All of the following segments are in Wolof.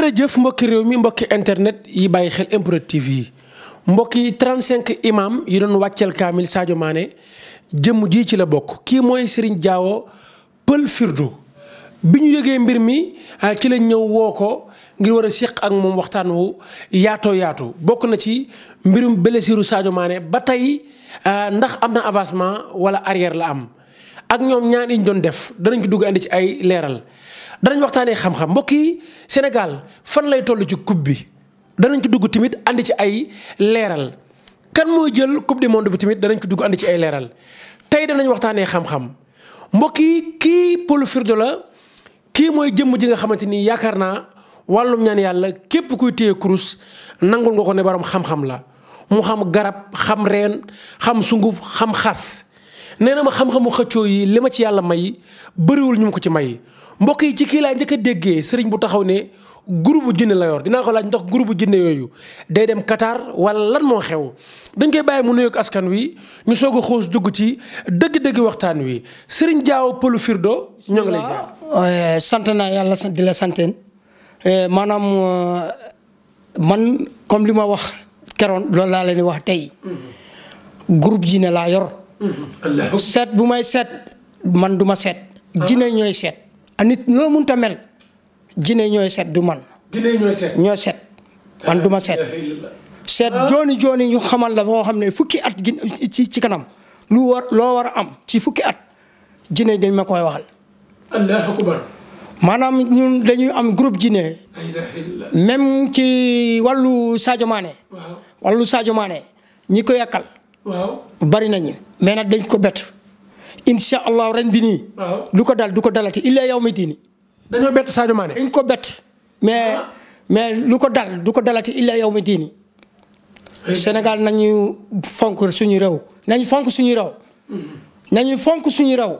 jërëjëf mbokki réew mi mbokki internet yi bàyyi xel MPROD TV yi mbokki 35 imam yi doon wàcceel kaamil Sadio Mané jëmm ji ci la bokk kii mooy Serigne Diawo Pël Firdu bi ñu yëgee mbir mi ah, ci la ñëw woo ko ngir war a séq ak moom waxtaan wu yaatoo yaatu bokk na ci mbirum blessure Sadio Mané ba tey ah, ndax am na avancement wala arrière la am ak ñoom ñaan yi ñu doon def danañ ko dugg indi ci ay leeral danañ waxtaanee xam-xam mbokk yi Sénégal fan lay toll ci kub bi danañ ci dugg tamit andi ci ay leeral kan mooy jël coupe du monde bi tamit danañ ci dugg andi ci ay leeral tey danañ waxtaanee xam-xam mbokk yi kii Paul Firde la kii mooy jëmm ji nga xamante ni yaakaar naa wàllum ñaan yàlla képp kuy téye kurus nangul nga ko ne borom xam-xam la mu xam garab xam reen xam sungub xam xas. nee na ma xam-xamu xëccoo yi li ma ci yàlla may bariwul ñum ko ci may mbokk yi ci kii laay njëkk a déggee sëriñ bu taxaw ne groupe bu jinne la yor dinaa ko laaj ndax bu jinne yooyu day dem Qatar wala lan moo xew dañ koy bàyyi mu nuyoog askan wi ñu soog a xoos ci dëgg waxtaan wi sëriñ Diaw Pëlu Firdo ñoo ngi lay ziar. sant naa yàlla di la santeen eh, maanaam euh, man comme li ma wax keroon loolu laa leen wax tey mm-hmm. groupe jinne laa yor. seet bu may seet man du ma seet. jinne ñooy seet. a nit loo mënta mel jinne ñooy seet du man. jinne ñooy seet ñooy seet man du ma seet. seet jooni jooni ñu xamal la boo xam ne fukki at gi ci kanam lu war loo war a am ci fukki at jinne dañ ma koy waxal. allahu maanaam ñun dañuy am groupe jinne même ci wàllu Sadio Mané. wàllu Sadio ñi ko yàkkal. waaw bari nañu mais nag dañ ko bet incha allahu ren bi nii. du ko dal du ko dalati illa yow mi diini. dañoo bett Sadio Mané. dañ ko bett mais ah. mais lu ko dal du ko dalati illa yow mi diini. Sénégal nañu fonk suñu rew nañu fonk suñu réew. Hmm. nañu fonk suñu réew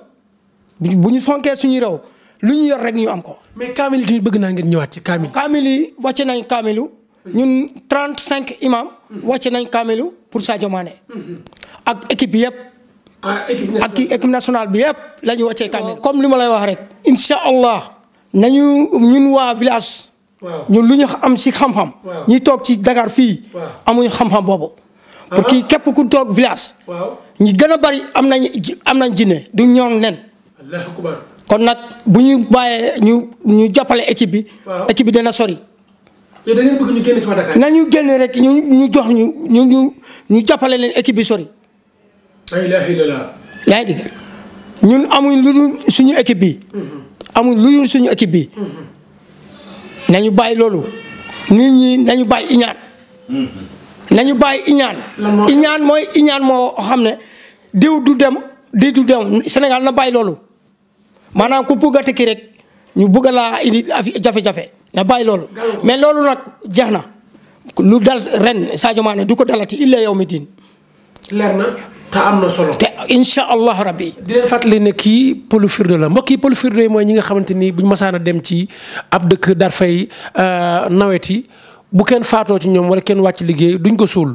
bu ñu fonkee suñu réew lu ñu yor rek ñu am ko. mais kaamil yi bëgg naa ñu ñëwaat ci kaamil. kaamil yi wàcce nañu kaamilu. ñun trente cinq imam wàcce nañ kaamilu pour Sadio Mané ak équipe bi yëpp. Ah, ak équipe nationale bi yëpp la ñu wàccee kaamilu comme li ma lay wax rek. incha allah nañu ñun waa village. ñun lu ñu am si xam-xam. ñi toog ci dagar fii. amuñu xam-xam boobu. Ah. pour que képp ku toog village. ñi gën a bari am nañ am nañ jinne du ñoom nen. kon nag bu ñu bàyyee ñu ñu jàppale équipe bi. équipe bi dana sori. yéen da ngeen bëgg ñu génn ci nañu génn rek ñu ñu jox ñu ñu ñu ñu jàppale leen équipe bi sori. la ilaha illallah. yaa ñun amuñ lu dul suñu équipe bi. Mm-hmm. amuñ lu dul suñu équipe bi. Mm-hmm. nañu bàyyi loolu. nit ñi nañu bàyyi iñaan. Mm-hmm. nañu bàyyi iñaan. iñaan mooy iñaan moo xam ne diw du dem diw du dem Sénégal na bàyyi loolu maanaam ku bëgg a rek ñu bëgg laa indi jafe-jafe. na bàyyi loolu mais loolu nag jeex na lu dal ren saa Sadio Mané du ko dalati illa yow mi diin leer na te am na solo. te incha allah rabbi. di fàttali ne kii pëlu firnde la mbokk yi pëlu yi mooy ñi nga xamante nii bu masaan a dem ci ab dëkk dar fay euh, naweti bu kenn faatoo ci ñoom wala kenn wàcc liggéey duñ ko suul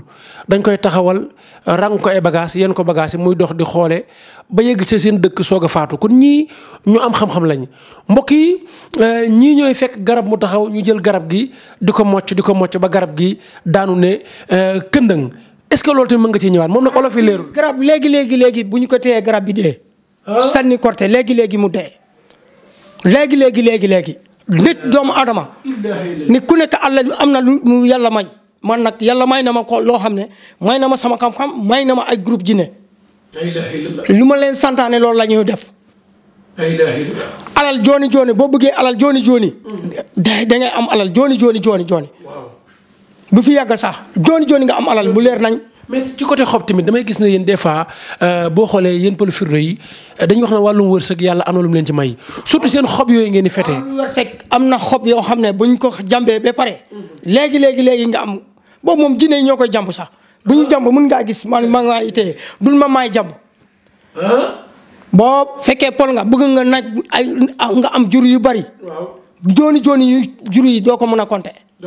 dañ koy taxawal rang ko ay bagage yéen ko bagage yi muy dox di xoole ba yegg ci seen dëkk soog a faatu kon ñii ñu am xam-xam lañ mbokk yi euh, ñii ñooy fekk garab mu taxaw ñu jël garab gi di ko mocc di ko mocc ba garab gi daanu ne euh, këndëng est-ce que loolu tamit mën nga ciy ñëwaat moom nag olof yi leerul. léegi léegi léegi bu ñu ko téyee garab bi dee. Ah. sànni korte léegi léegi mu dee. léegi léegi léegi léegi. nit doomu adama ni ku nekk àlla am na lu mu yàlla may man nag yàlla may na ma ko loo xam ne may na ma sama xam-xam may na ma ay groupe jinne lu ma leen santaane loolu la ñuy def alal jooni jooni boo bëggee alal jooni jooni da da ngay am alal jooni jooni jooni jooni du fi yàgg sax jooni jooni nga am alal bu leer nañ mais ci côté xob tamit damay gis ne yéen des fois euh, boo xoolee yéen pël firdo yi dañuy wax ne wàllum wërsëg yàlla am na leen ci may surtout seen xob yooyu ngeen di fete. wërsëg am na xob yoo xam ne bu ñu ko jàmbee ba pare. léegi léegi léegi nga am boobu moom jinne ñoo koy jàmb sax bu ñu jàmb mën ngaa gis man maa ngi itee dul ma maay jàmb. boo fekkee pël nga bëgg nga naaj ay nga am jur yu bari. waaw jooni jooni yu jur yi doo ko mën a compter. a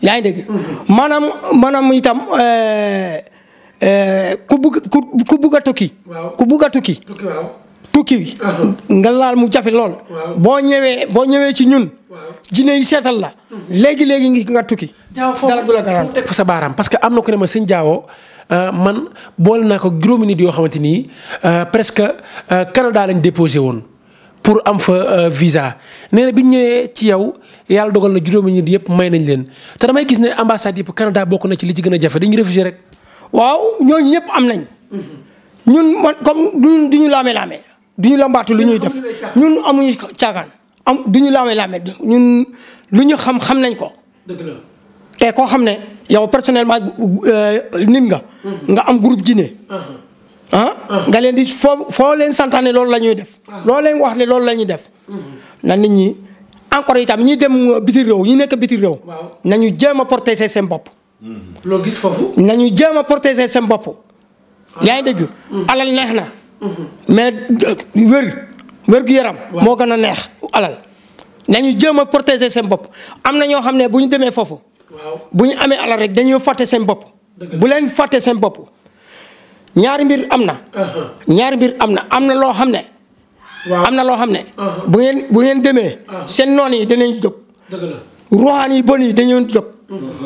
yaa ngi dégg. Mm-hmm. maanaam maanaam itam euh, euh, ku bugg ku bugg a tukki. ku bugg a tukki. tukki wi uh-huh. nga laal mu jafe lool. boo ñëwee boo ñëwee ci ñun. jinne yi seetal la. Mm-hmm. léegi léegi ngi nga tukki. dara du la garaan fa sa baaraam parce que am na ko ne ma sëñ Diawo euh, man boole naa ko juróomi nit yoo xamante ni presque Canada lañ déposé woon. pour am fa euh, visa nee bi ñu ñëwee ci yow yàlla dogal na juróomi nit yëpp may nañ leen te damay gis ne ambassade yëpp Canada bokk na ci li ci gën a jafe dañuy refusé rek. waaw ñooñu ñëpp am nañ. Mhm. ñun man comme duñu duñu laame laame duñu lambaatu lu ñuy def ñun amuñu caagaan am du ñu laame laame ñun lu ñu xam xam nañ ko. dëgg te koo xam ne yow personnellement euh, nit nga. Mhm. nga am groupe jinne Ah? ah nga leen di foo foo leen santaane loolu la ñuy def ah. loolu leen wax ne loolu la ñuy def mm-hmm. na nit ñi encore itam ñi dem euh, biti réew ñi nekk biti réew nañu jéem a protéger seen bopp mm-hmm. loo gis foofu nañu jéem a protéger seen bopp ah. yaa ngi dégg mm-hmm. alal neex na mais euh, wér yaram moo gën a neex alal nañu jéem a protéger seen bopp am na ñoo xam ne bu ñu demee foofu bu ñu amee alal rek dañuy fotte seen bopp bu leen fàtte seen bopp ñaari mbir am na. Uh-huh. ñaari mbir am na am na loo xam ne. am na loo xam ne. Uh-huh. bu ngeen bu ngeen demee. Uh-huh. seen noon yi danañ jóg. dëgg la ruuxaan yi bon yi dañu jóg.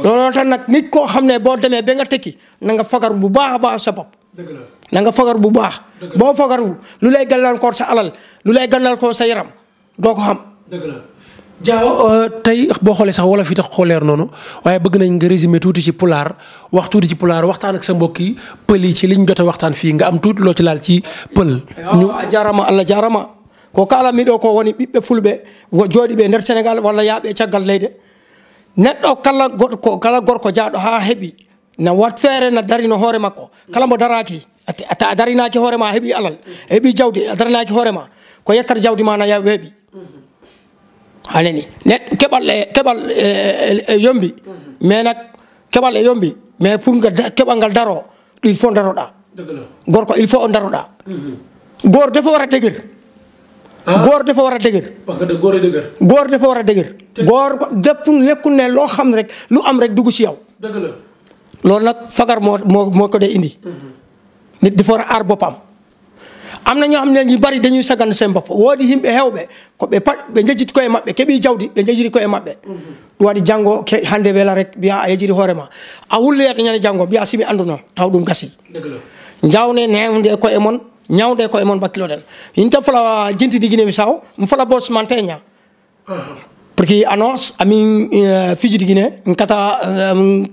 looloo tax nag nit koo xam ne boo demee ba nga tekki na nga fagar bu baax a sa bopp. dëgg la na nga fagar bu baax. boo fagarul lu lay gàllankoor sa alal lu lay gàllankoor sa yaram doo ko xam. dëgg Diaw euh, tey boo xoolee sax wala fi tax xooleer noonu waaye bëgg nañ nga résumé tuuti ci pulaar wax tuuti ci pulaar waxtaan ak sa mbokki pël yi ci liñ jot waxtaan fii nga am tuuti loo ci laal ci pël. ñu jaarama Allah jaarama ko kala miɗo ko woni ɓiɓɓe fulɓe jooɗiɓe nder sénégal walla yaaɓe e caggal leyde neɗɗo kala gorko kala gorko jaaɗo ha heeɓi na wat feere na darino hoore makko kala mo daraki a darinaki hoore ma heeɓi alal heeɓi jawdi a darinaki hoore ma ko yakkat jawdi ma na hanani neɗɗo kebal e eh, keɓal e eh, eh, yombi mais nag keɓal e yombi mais pour keɓal ngal daro il faut daroɗa gorko il faut o daroɗa mhm. goor defo wara degir goor defo wara degir war a wara degir goor deppun lekkul ne loo xam rek lu am rek dugg ci yow loolu nag fagar moo moo moo ko dee indi mhm. nit dafa war a aar boppam am na ñoo xam ne ñu bari dañuy sagan seen bopp woodi yimɓe hewɓe ko ɓe pat ɓe jejjiti koye maɓɓe keeɓi jawdi ɓe jejjiti koye maɓɓe ɗum mm-hmm. waɗi janngo hannde weela rek mbiya a yejjiti hoore ma a hulleyata ñande janngo mbiya simi annduno taw ɗum gasi jawne newde e koye mon ñawde e koye mon bakkiloɗen min tan fala jintidi guinemi saw mi fala bosmante ña uh-huh. pour que annonce amin euh, fijude guine kata euh,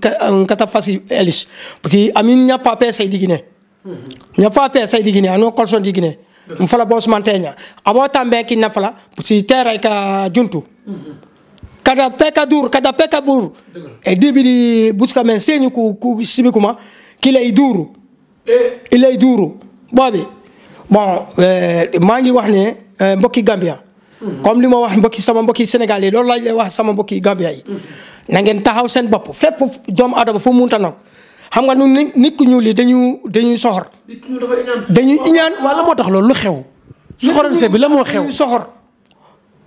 kata fasi elis pour que amin ñappa peesay di guine ñafape saydi guinea no kolsonti guinea mi mm-hmm. fala bosman teña abo tambe ki nafala si terra ka juntu mm-hmm. kada peka dur kada peka bur e dibidi buska men señu ku ku sibi kuma eh. boobi bon eh, maa ngi wax ne eh, mbokki Gambia mm-hmm. comme li ma wax mbokki sama mbokki Sénégal yi loolu laaj lay wax sama mbokki Gambia yi na taxaw seen bopp fépp doom adama fu munta nag xam nga ñun nit ku ñuul yi dañu dañuy soxor. dañuy iñaan waaw la moo tax loolu lu xew. soxoranse bi la moo xew soxor.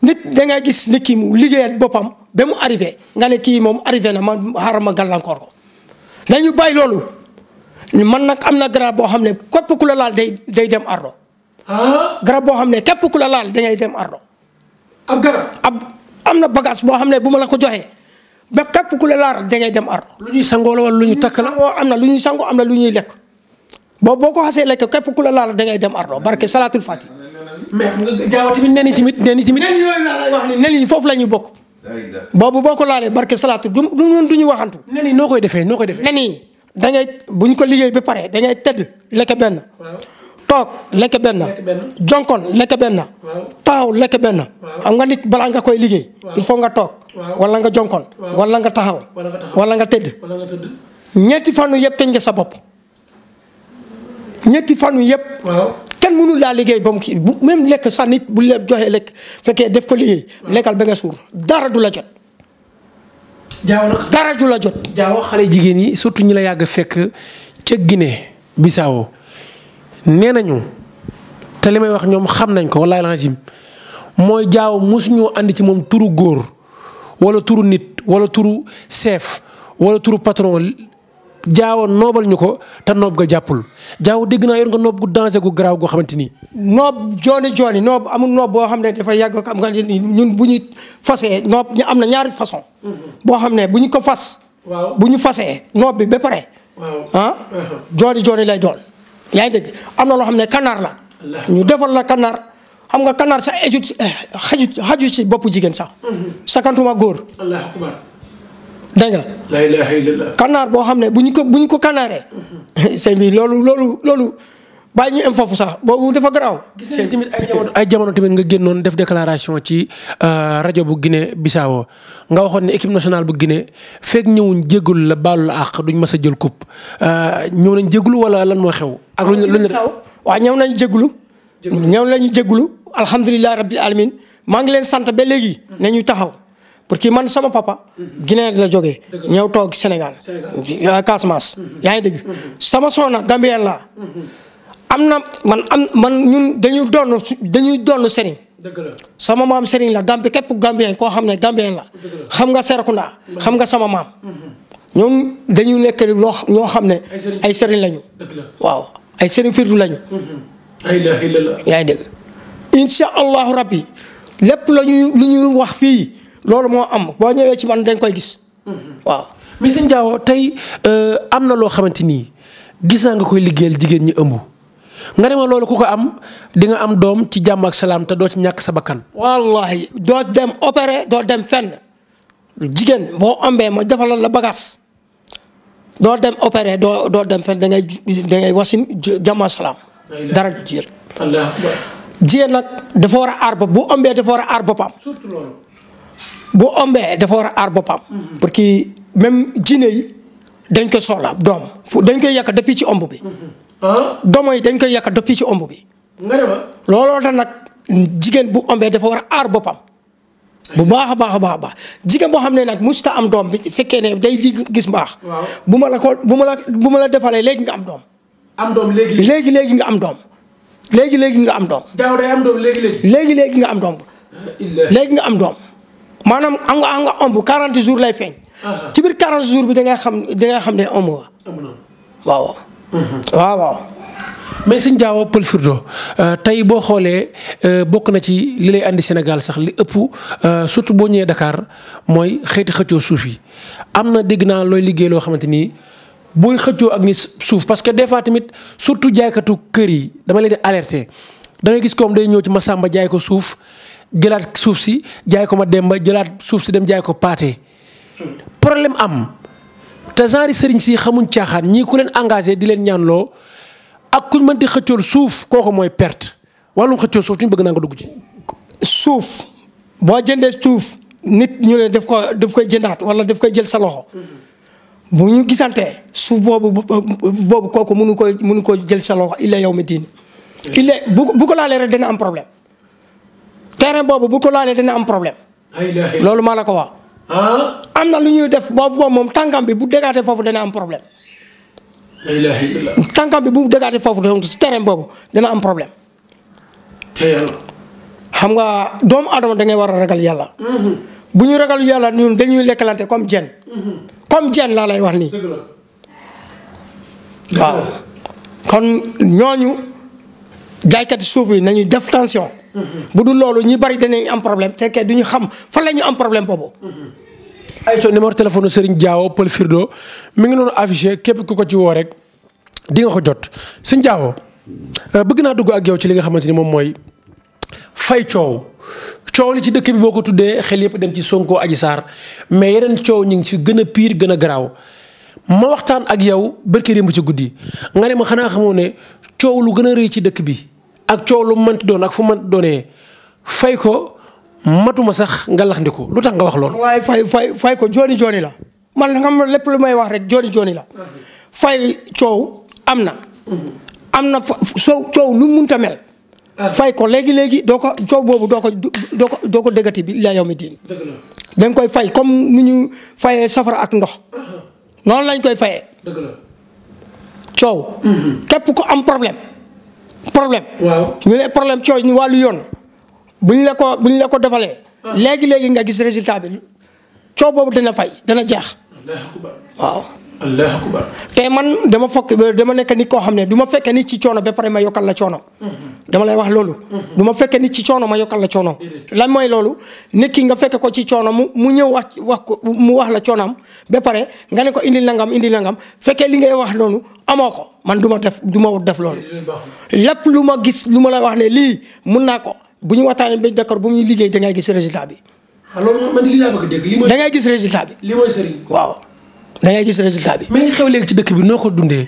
nit da ngay gis ne kii mu liggéeyal boppam ba mu arrivé nga ne kii moom arrivé na ma xaaral ma gàllankoor ko nañu bàyyi loolu man nag am na garab boo xam ne képp ku la laal day day dem ardo ah? garab boo xam ne képp ku la laal da dem ardo ab garab ab am na bagage boo xam ne bu ma la ko joxee. ba képp ku la laar da ngay dem ardo lu ñuy sangoo la wala lu ñu takk la am na lu ñuy sangoo am na lu ñuy lekk boobu boo ko xasee lekk képp ku la laar da ngay dem ardo barke salaatul fati mais xam nga jaawa tamit nen tamit nen yi tamit. nen yooyu foofu la ñu bokk. boobu boo ko laalee barke salaatu du du du ñu waxantu. nen yi noo koy defee noo koy defee. nen yi da ngay bu ñu ko liggéey ba pare da ngay tëdd lekk benn. toog lekk benn jonkon lekk benn taxaw lekk benn xam nga nit balaa nga koy liggéey il faut nga toog wala nga jonkon wala nga taxaw wala nga tëdd ñetti fanu yëpp teñ nga sa bopp ñetti fanu yëpp kenn mënul laa liggéey ba mu kii même lekk sax nit bu la joxee lekk fekkee def ko liggéey lekkal ba nga suur dara du la jot jaaw dara du la jot jaaw xale jigéen yi surtout ñi la yàgg fekk ca Guinée Bissau nee nañu te li may wax ñoom xam nañ ko wallaahi laazim mooy jaaw mosuñoo andi ci moom turu góor wala turu nit wala turu chef wala turu patron jaaw noobal ñu ko te noob ga jàppul jaaw dégg naa yor nga noob gu danger gu garaaw goo xamante ni. noob jooni jooni noob amul noob boo xam ne dafa yàgg am nga ñun bu ñu fasee noob ñu am na ñaari façon. Mm-hmm. boo xam ne bu ñu ko fas. waaw bu ñu fasee noob bi ba pare. waaw ah lay doon. yaa ngi dégg am na loo xam ne kanaar la. ñu defal la kanaar xam nga kanaar sax ejut eh, xaju xaju ci boppu jigéen sax. Mhm. sakantuma góor. allahu akbar. kanaar boo xam ne bu ñu ko bu ñu ko kanaaree. Mhm. sëñ bi loolu loolu loolu. bàyyi ñu am foofu sax boobu dafa garaaw. gis tamit ay jamono tamit nga génnoon def déclaration ci euh, rajo bu Guinée Bissau nga waxoon ne équipe nationale bu Guinée fekk ñëwuñ jégalu la baalu la àq duñ mës a jël coupe euh, ñëw nañ jégalu wala lan moo xew. ak lu ñu xaw waaw ñëw nañu jégalu. ñëw nañu jégalu alhamdulilah rabbil alamin maa ngi leen sant ba léegi. Mm. nañu taxaw pour que man sama papa. Mm-hmm. Guinée la jógee. ñëw toog Sénégal. Euh, Casamance. Mm-hmm. yaa ngi dégg mm-hmm. sama soxna Gambien laa. am na man am man ñun dañuy doon dañuy doon sëriñ. sama maam sëriñ la Gambie képp Gambien koo xam ne Gambien la. xam nga na xam nga sama maam. ñoom dañu nekk loo ñoo xam ne ay sëriñ lañu. waaw. ay sëriñ firdu lañu. yaa allahu rabbi lépp la ñuy lu ñuy wax fii loolu moo am boo ñëwee ci man dañ koy gis. waaw mais sëñ Diawo tey euh, am na loo xamante ni gis naa nga koy liggéeyal jigéen ñi ëmb. nga ne ma loolu ku ko am di nga am doom ci jàmm ak salaam te doo ci ñàkk sa bakkan. wallahi doo dem opéré doo dem fenn jigéen boo ambee ma defalal la bagas doo dem opéré doo doo dem fen da ngay da ngay wasin jàmm salaam dara du ci jigéen nag dafa war a aar bopp bu ëmbee dafa war a aar boppam. surtout loolu. bu ombee dafa war a aar boppam. Mm-hmm. parce que même jinne yi dañ ko soxla doom fu dañ koy yàq depuis ci omb bi. Mm-hmm. Ah? doom yi dañ koy yàq depuis ci omb bi. looloo nag jigéen bu ombee dafa war a aar boppam. bu baax a baax a baax a baax jigéen boo xam ne nag musta am doom bi fekkee ne day di gis mbaax. bu ma la ko bu ma la bu ma la defalee léegi nga am doom. am doom léegi léegi léegi nga am doom. léegi léegi nga am doom. jaaw day am doom léegi léegi. nga am doom. léegi nga am doom maanaam am nga am nga ëmb 40 jours lay feeñ. ci biir 40 jours bi da ngay xam da ngay xam ne ëmb nga. waaw waaw. Mhm. mais sëñ Diaw Pël Firdo euh, tey boo xoolee euh, bokk na ci li lay indi Sénégal sax li ëpp euh, surtout boo ñëwee dakaar mooy xeeti xëccoo suuf yi am na dégg naa looy liggéey loo xamante ni booy xëccoo ak ni suuf parce que des fois tamit surtout jaaykatu kër yi dama leen di dangay gis comme day ñëw ci sàmba jaay ko suuf jëlaat suuf si jaay ko ma Demba jëlaat suuf si dem jaay ko Paate problème am te genre sëriñ si xamuñ caaxaan ñii ku leen engagé di leen ñaanloo. ak ku mën di xëccool suuf kooku mooy perte wàllum xëccoo suuf ñu bëgg naa nga dugg ci. suuf boo jëndee suuf nit ñu ne daf ko daf koy jëndaat wala daf koy jël sa loxo bu ñu gisantee suuf boobu boobu kooku mënu koy mënu koy jël sa loxo illa yow mi diin. bu bu ko laalee rek dana am problème terrain boobu bu ko laalee dana am problème. loolu maa la ko wax. Ah? am na lu ñuy def boobu boobu moom tànkam bi bu dégaatee foofu dana am problème. tànkam bi bu mu dëggaatee foofu donc si terrain boobu dana am problème. xam nga doomu aadama da ngay war a ragal yàlla. Mhm. bu ñu ragal yàlla ñun dañuy lekkalante comme jenn. Mhm. comme jenn laa lay wax nii. waaw kon ñooñu jaaykati suuf yi nañu def tension. Mhm. bu dul loolu ñi bari danañ am problème te du ñu xam fan la ñu am problème boobu. ayca numéro téléphone Serigne Diawo Pël Firdo mi ngi noonu affiché képp ku ko ci woo rek di nga ko jot suñ Diawo euh, bëgg naa dugg ak yow ci li nga xamante ni moom mooy fay coow coow li ci dëkk bi boo ko tuddee xel yëpp dem ci sonkoo Adji saar mais yeneen coow ñu ngi ci gën a pire gën a garaaw ma waxtaan ak yow barke démb ci guddi nga ne ma xanaa xamoo ne coow lu gën a rëy ci dëkk bi ak coow lu mënti doon ak fu mënti doonee fay ko. matuma sax nga lax lu tax nga wax loolu. waaye fay fay fay ko jooni jooni la man nga xam lépp lu may wax rek jooni jooni la fay coow am na. am na fa coow lu munta mel. fay ko léegi léegi doo ko coow boobu doo ko doo ko doo ko dëggati bi la yow mi diin. dañ koy fay comme nu ñu fayee safara ak ndox. lañ koy fayee. coow. Mm-hmm. képp ko am problème. problème. waaw ñu ne problème coow ñu wàllu yoon. buñ la ko buñ la ko defalee. Ah. léegi léegi nga gis résultat bi coow boobu dana fay dana jeex. waaw. allahu te man dama fokk dama nekk nit koo xam ne du ma fekkee nit ci coono ba pare ma yokkal la coono. Mm-hmm. dama lay wax loolu. Mm-hmm. du ma fekkee nit ci coono ma yokkal la coono. lan mooy loolu nit ki nga fekke ko ci coono mu mu ñëw wax wax ko mu wax la coonam ba pare nga ne ko indil nangam indil nangam fekkee li ngay wax noonu amoo ko man du ma def du ma def loolu. lépp lu ma gis lu ma wax ne lii mun naa ko. bu ñu waxtaanee ba d'accord bu ñu liggéey da gis résultat bi. alors da ngay gis résultat bi. li waaw da ngay gis résultat bi. mais li xew léegi ci dëkk bi noo ko dundee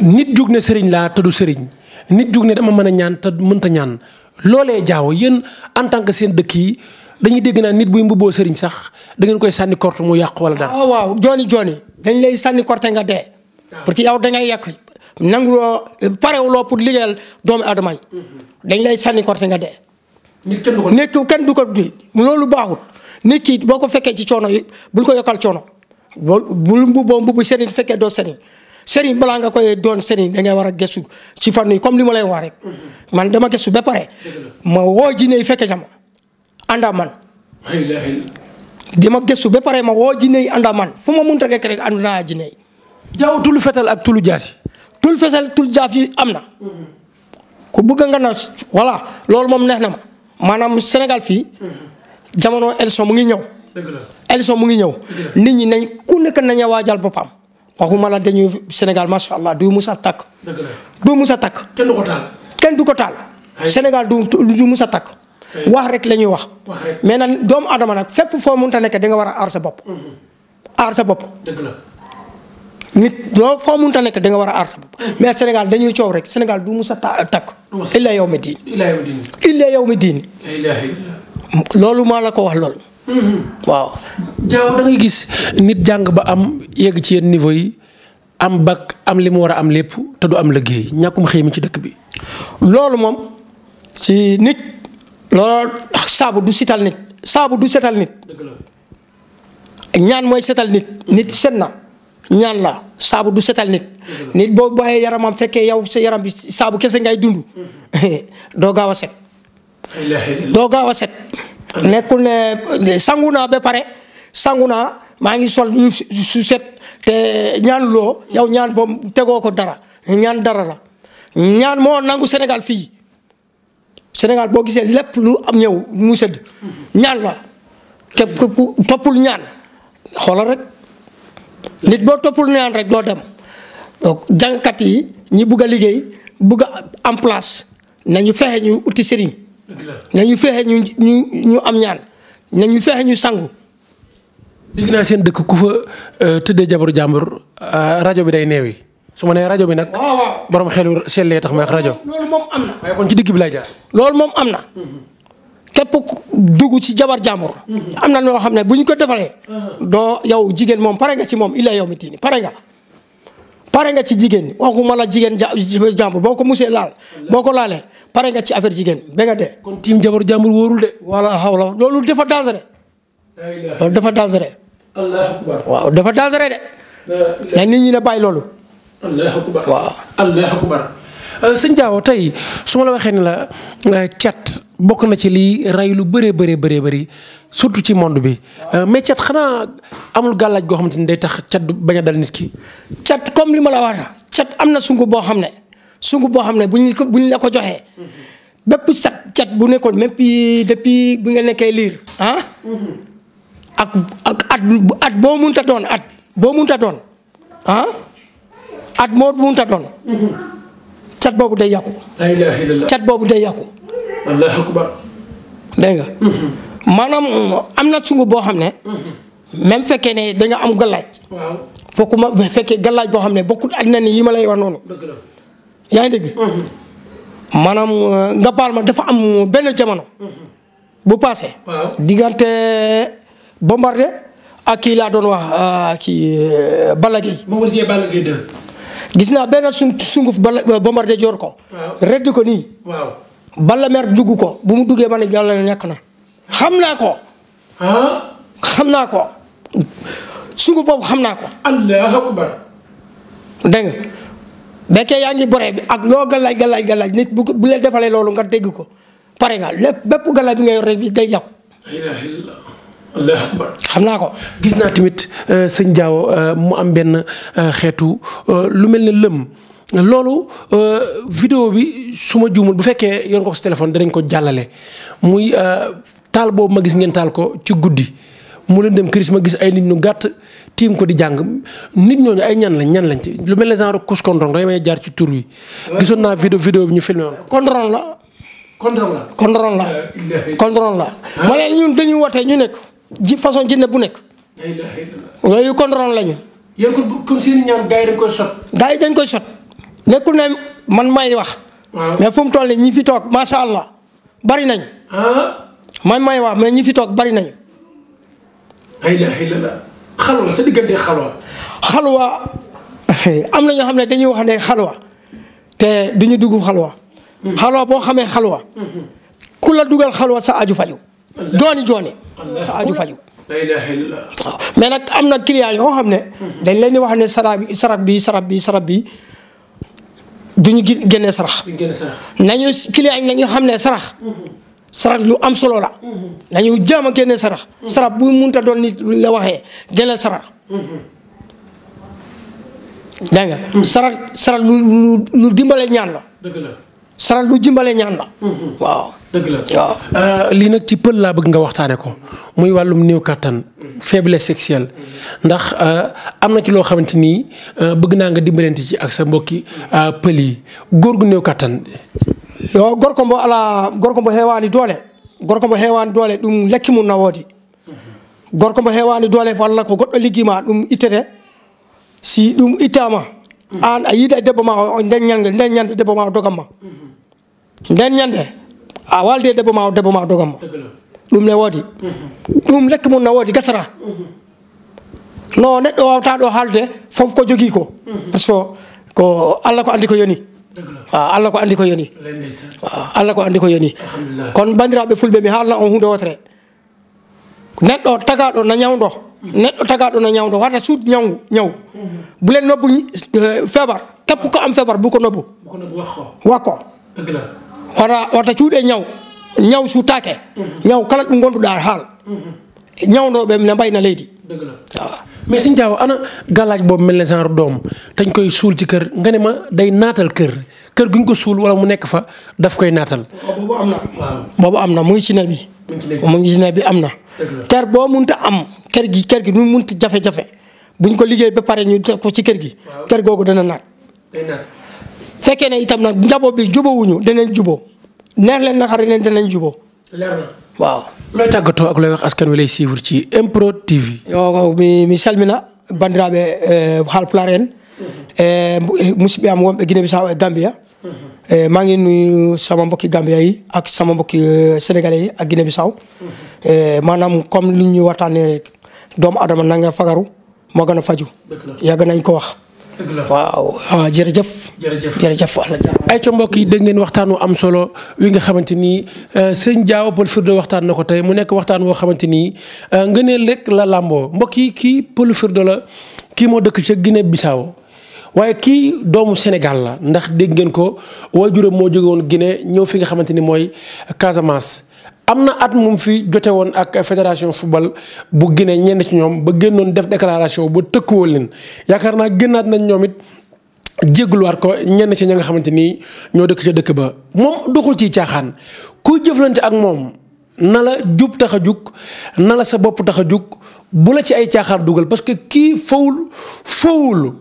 nit jug ne sëriñ laa te du sëriñ nit jug ne dama mën a ñaan te mënta ñaan loolee jaaw yéen en tant que seen dëkk yi dañuy dégg naa nit buy mbubboo sëriñ sax da ngeen koy sànni korte mu yàq wala dara. waaw ah, waaw jooni jooni dañ lay sànni korte nga dee. Ah. parce que yow da ngay yàq nanguloo parewuloo pour liggéeyal doomu aadama dañ lay sànni korte nga dee nekk kenn du ko loolu baaxut nit ki boo ko fekkee ci coono yi bul ko yokkal coono bul mbubboo mbubbu sëriñ fekkee doo sëriñ sëriñ balaa nga koy doon sëriñ da ngay war a gëstu ci fànn yi comme li ma lay wax rek man dama gëstu ba pare ma woo jinne yi fekke jama ànda man dama gëstu ba pare ma woo jinne yi ànda man fu ma munta nekk rek ànd naa jinne fetal ak tulu tul fesal tul jaaf yi am na. ku bëgg nga na voilà loolu moom neex na ma maanaam Sénégal fii. jamono élection mu ngi ñëw. élection mu ngi ñëw. nit ñi nañ ku nekk nañu waajal boppam. waxuma la dañuy Sénégal macha allah du musa takk. du musa takk. kenn du ko taal. kenn du ko taal. Sénégal du du musa takk. wax rek la ñuy wax. mais na doomu adama nag fépp foo mënta nekk da nga war a aar sa bopp. Mm-hmm. aar sa bopp. nit doo foo ta nekk da war a aar sa bopp mais Sénégal dañuy coow rek Sénégal du mu sa ta takk illa yow mi diin illa yow mi diin loolu maa la ko wax loolu mm-hmm. waaw jaaw da gis nit jàng ba am yegg ci yenn niveau yi am bac am li mu war a am lépp te du am liggéey ñàkkum xëy mi ci dëkk bi loolu moom si nit loolu saabu du sital nit saabu du setal nit ñaan mooy setal nit nit set na ñaan la saabu du setal nit nit boo bàyyee yaramam fekkee yow sa yaram bi saabu kese ngay dund doo gaaw a set doo set nekkul ne sangu naa ba pare sangu naa maa ngi sol su set te ñaan loo yow ñaan boobu tegoo ko dara ñaan dara la ñaan moo nangu Sénégal fii Sénégal boo gisee lépp lu am ñëw mu sëdd ñaan la képp ku toppul ñaan xoolal rek nit boo toppul ñaan rek doo dem donc jàngkat yi ñi bugg a liggéey bugg a am place nañu fexe ñu uti sëriñ nañu fexe ñu ñu ñu am ñaan nañu fexe ñu sangu. dégg naa seen dëkk ku fa euh, tëddee jabaru jàmbur euh, rajo bi day yi su ma nee rajo bi nag. borom xelu sellee tax may wax rajo. loolu moom am na. ci digg bi lay jaar. loolu moom am na. Mm-hmm. képp dugg ci jabar jàmbur am na noo xam ne bu ñu ko defalee uh-huh. doo yow jigéen moom pare nga ci moom illa yow mi tiini pare nga pare nga ci jigéen waxuma la jigéen jàmbur boo ko musee laal boo ko laalee pare nga ci affaire jigéen ba nga dee kon tiim jabar jàmbur wóorul de wala xaw la loolu defa dangereux loolu dafa dangereux waaw dafa dangereux de na nit ñi ne bàyyi loolu Euh, sëñ Diaw tey su ma la waxee ni la euh, cat bokk na ci lii rey lu bëree bëree bëree bëri surtout ci monde bi euh, mais cat xanaa amul gàllaaj goo xamante ni day tax cat bañ a dal nit ki. cat comme li ma la wax cat am na sungu boo xam ne sungu boo xam ne bu ñu bu ñu la ko joxee bépp cat cat bu nekkoon même depuis bi nga nekkee liir ah. ak ak at boo mënta doon at boo mënta doon ah at moo mënta doon. cat boobu day yàqu. cat boobu day yàqu. wallaahi nga. Mm-hmm. maanaam am na sungu boo xam ne. Mm-hmm. même fekkee ne da am gallaaj waaw bokkuma fekkee gallaaj boo xam ne bokkul ak nen yi ma lay wax noonu. yaa ngi dégg. Mm-hmm. Euh, nga baal ma dafa am benn jamono. bu paase. diggante Bombardier ak kii laa doon wax euh, kii euh, Balla Gaye. Bombardier gis naa benn suñ sunguf bala euh, bombarde joor ko. redd ko nii. waaw bala dugg ko bu mu duggee ma ne yàlla nekk na. xam naa ko. xam naa ko sunguf boobu xam naa ko. allahu akbar. dégg bekkee yaa ngi boree bi ak loo galaaj galaaj galaaj nit bu bu leen defalee loolu nga dégg ko pare nga lépp bépp galaaj bi nga yor rek day yàqu. xam naa ko. gis naa tamit euh, sëñ Diaw euh, mu am benn euh, xeetu lu mel ne lëm. loolu vidéo bi su ma juumul bu fekkee yor nga ko sa téléphone danañ ko jàllale muy taal boobu ma gis ngeen taal ko ci guddi mu leen dem Chris ma gis ay nit ñu gàtt tiim ko di jàng nit ñooñu ay ñan lañ ñan lañ ci lu mel ne genre kus kondrong dangay may jaar ci tur wi. gisoon naa vidéo vidéo bi ñu filmé la. kondrong la kondrong la. ma leen ñun dañuy woote ñu nekk. ji façon jinne bu nekk. yooyu contrôle lañu. yéen kon kon seen ñaan gars dañ koy sot. gars yi dañ koy sot nekkul ne man may wax. mais fu mu toll nii ñi fi toog macha allah bari nañ. man may wax mais ñi fi toog bari nañ. ay la ay la sa diggante xalwa. xalwa am na ñoo xam ne dañuy wax ne xalwa te du ñu dugg xalwa. Hmm. xalwa boo xamee xalwa. Hmm, hmm. ku la dugal xalwa sa aju faju jooni jooni sa aju faju waaw mais nag am na client yoo xam ne dañ leen di wax ne sarax bi sarax bii sarax bi sarax bi duñu génnee sarax nañu client yi nañu xam ne sarax mm-hmm. sarax lu am solo la mm-hmm. nañu jaam a génnee sarax mm-hmm. sarax bu munta doon nit la waxee génneel sarax dégg nga sarax sarax lu lu dimbale ñaan la saral lu jimbale ñaan la. Mm-hmm. Euh, lii nag ci pël laa bëgg nga waxtaane ko muy wàllum néew kàttan mm-hmm. faiblesse sexuelle mm-hmm. ndax euh, am na ci loo xamante ni euh, bëgg naa nga dimbalante ci ak sa mbokki pël yi góor gu néew kàttan. yo gorko mbo ala gorko mbo heewani doole gorko mbo heewani doole ɗum lekki mum nawoodi gorko mbo heewani doole walla ko goɗɗo liggima ɗum ittete si an ah, a ah, e debbo ma ah, nden ñande nden ñande debbo ma o ma nden ñande a waldi debbo ma o ma ɗum ne woodi ɗum lekki mum ne woodi gasata no neɗɗo wawta ɗo haalde fof ko jogii ko par que ko allah ko andi ko yoni allah ko andi ko yoni waaw allah fulɓe mi haalna on hunde wotere neɗɗo tagaɗo na ñawdo neɗɗo tagaɗo no ñawdo wata suud ñawu ñaw bu leen nobbu euh, feebar képp ko am feebar bu ko nobbu wakko wata wata cuuɗe ñaw ñaw suutake mhm. ñaw kala ɗo gonduɗa haal mhm. ñawdoɓe ne mbayna leydi waaw mais sëñ Diaw ana galaaj boobu mel ne genre doom dañ koy suul ci kër nga ne ma day naatal kër kër guñ ko suul wala mu nekk fa daf koy naatal am na boobu am na mu ngi ci ne bi mu ngi ci ne bi am na kër boo mun munta am kër gi kër gi nu munti jafe-jafe buñ ko liggéey ba pare ñu def ko ci kër gi kër googu dana naat fekkee ne itam nag njaboot bi jubawuñu danañ juboo neex leen naqari leen danañ juboo waaw looy tàggatoo ak looy wax askan wi lay suivre ci MPROD TV yo mi mi salmina bandiraɓe eh, haalpulaar mhm. en eh, eh, musidɓe am wonɓe Guinée Bissau e Gambia Eh, maa ngi nuyu sama mbokki Gambia yi ak sama mbokki eh, sénégalais yi ak Guinée Bissau eh, maanaam comme li ñuy waxtaanee rek doomu adama na fagaru moo gën a faju yàgg nañ ko wax ah, jërëjëf jërëjëf jërëjëf ay co mbokk yi dégg waxtaan waxtaanu am solo wi nga xamante nii sëñ Diao Pël Firdo waxtaan na ko tey mu nekk waxtaan woo xamante nii ngëneel rek la làmboo mbokk yi kii Pël Firdo la kii moo dëkk ca Guinée Bissau waaye kii doomu Sénégal la ndax dégg ngeen ko waajuram moo jógewoon woon ñëw fi nga xamante ni mooy Casamance. am na at moom fi jote woon ak fédération football bu ginee ñenn ci ñoom ba génnoon def déclaration ba tëkkuwoo leen yaakaar naa génnaat nañ ñoom it jégluwaat ko ñenn ci ña nga xamante ni ñoo dëkk ca dëkk ba moom doxul ci caaxaan kuy jëflante ak moom na la jub tax a jug na la sa bopp tax a jug bu la ci ay caaxaan dugal parce que kii fawul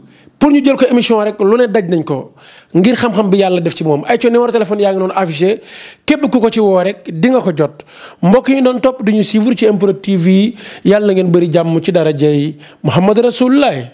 pour ñu jël ko émission rek lu ne daj nañ ko ngir xam-xam bi yàlla def ci moom ay co numéro téléphone yaa ngi noonu affiché képp ku ko ci woo rek dinga ko jot mbokk yi doon topp duñu suivre ci MPROD TV yàlla ngeen bëri jàmm ci dara jey Muhammad Rasulullah